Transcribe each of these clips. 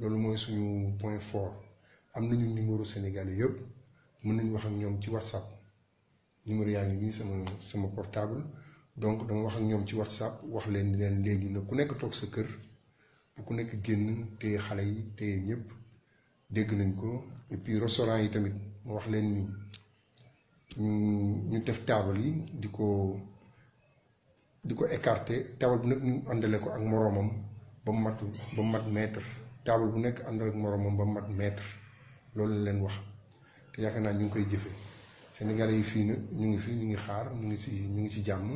loolu mooy suñu point fort am nañu numéro sénégalais yëpp mën nañ wax ak ci whatsapp numéro yaa ngi sama sama portable donc dama wax ak ñoom ci whatsapp wax leen leen léegi na ku nekk toog sa kër ku nekk yi ñëpp dégg et puis restaurant yi tamit wax leen ni ñu def table yi nous ko bi ñu ko ak ba taabal bu nekk àndal ak moromam ba mat maître loolu la leen wax te yaakaar naa ñu ngi koy jëfee Sénégalais yi fii nag ñu ngi fi ñu ngi xaar ñu ngi ci ñu ngi ci jàmm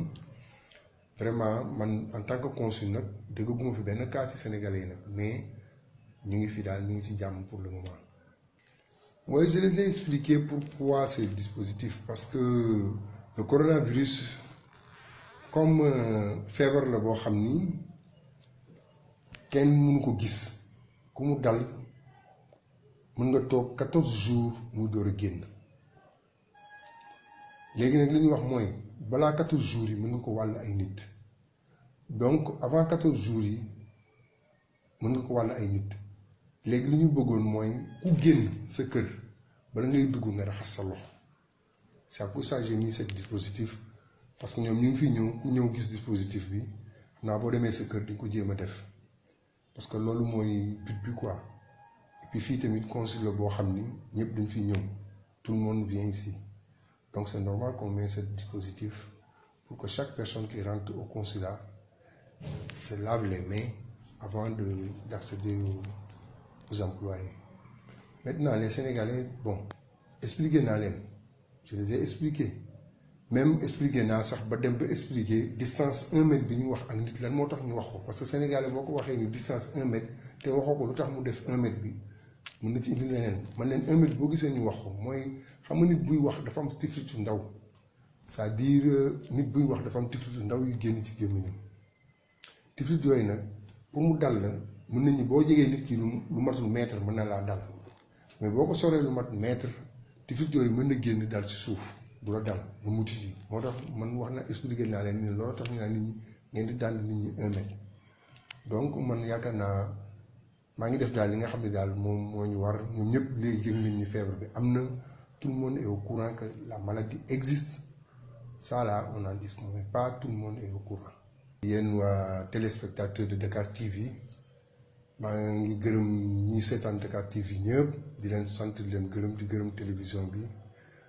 vraiment man en tant que consul nag dégguma fi benn cas ci Sénégalais yi nag mais ñu ngi fi daal ñu ngi ci jàmm pour le moment. Moi, je les ai expliqué pourquoi ce dispositif parce que le coronavirus comme euh, feebar la boo xam ni kenn mënu ko gis ku dal mën nga toog 14 jours mu door a génn léegi nag li ñuy wax mooy balaa 14 jours yi mën nga ko wàll ay nit donc avant 14 jours yi mën nga ko wàll ay nit léegi li ñu bëggoon mooy ku génn sa kër bala ngay dugg nga raxas sa loxo c'est pour ça j'ai mis ce dispositif parce que ñoom ñu ngi fi ñëw ku ñëw gis dispositif bi xam naa boo demee sa kër di ko jéem a def parce que loolu ne but plus quoi et puis fii tamit consulat boo xam tout le monde vient ici donc c'est normal qu'on mette ce dispositif pour que chaque personne qui rentre au consulat se lave les mains avant d'accéder aux, employés. Maintenant, les Sénégalais, bon, expliquez-nous. Je les ai expliqués. même expliquer na sax ba dem ba expliquer distance 1 mètre bi ñu wax ak nit lan mo tax ñu wax ko parce que sénégalais boko waxé ni distance 1 mètre te waxoo ko lu tax mu def 1 mètre bi mun na ci indi leneen man leen 1 mètre bo gisé ñu wax ko moy xam nit buy wax dafa am tiflitu ndaw c'est-à-dire nit buy wax dafa am tiflitu ndaw yu génn ci gémmiñam tiflit yooyu nag pour mu dal la mën nañu bo jégué nit ki lu matul mètre mën na la dal mais boko soré lu mat mètre tiflit yooyu mën na génn dal ci souf du la dal nga mucc ci moo tax man wax na expliqué naa leen ni loolu tax ñu nit ñi ngeen di dal nit ñi un mètre donc man yaakaar naa maa ngi def daal li nga xam ne daal moom moo ñu war ñoom ñëpp léegi yëg nit ñi feebar bi am na tout le monde est au courant que la maladie existe ça là on en n'en mais pas tout le monde est au courant. yéen waa téléspectateurs de Dakar TV maa ngi gërëm ñi seetaan Dakar TV ñëpp di leen sant di leen gërëm di gërëm télévision bi.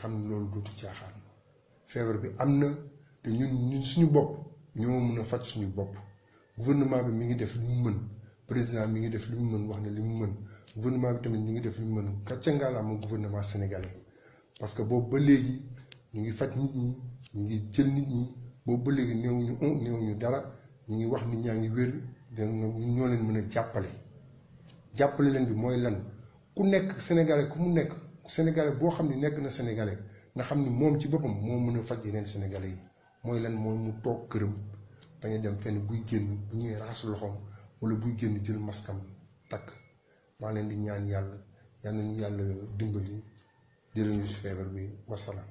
xam ne loolu dootu caaxaan feebar bi am na te ñun ñun suñu bopp ñoo mun a faj suñu bopp gouvernement bi mi ngi def li mu mën président mi ngi def li mu mën wax na li mu mën gouvernement bi tamit ñu ngi def li mu mën gàcce ngaalaama gouvernement sénégalais parce que boobu ba léegi ñu ngi faj nit ñi ñu ngi jël nit ñi boobu ba léegi néew ñu un dara ñu ngi wax nit ñaa ngi wér ñoo leen mën a jàppale jàppale leen bi mooy lan ku nekk sénégalais ku sénégalais boo xam ne nekk na sénégalais nga xam ni moom ci boppam moo mën a faj yeneen sénégalais yi mooy lan mooy mu toog këram bañ a dem fenn buy génn bu ñuy raxas loxoom wala buy génn jël maskam takk maa leen di ñaan yàlla yal nañu yàlla dimbali jëlee ñu feebar bi wasalaam.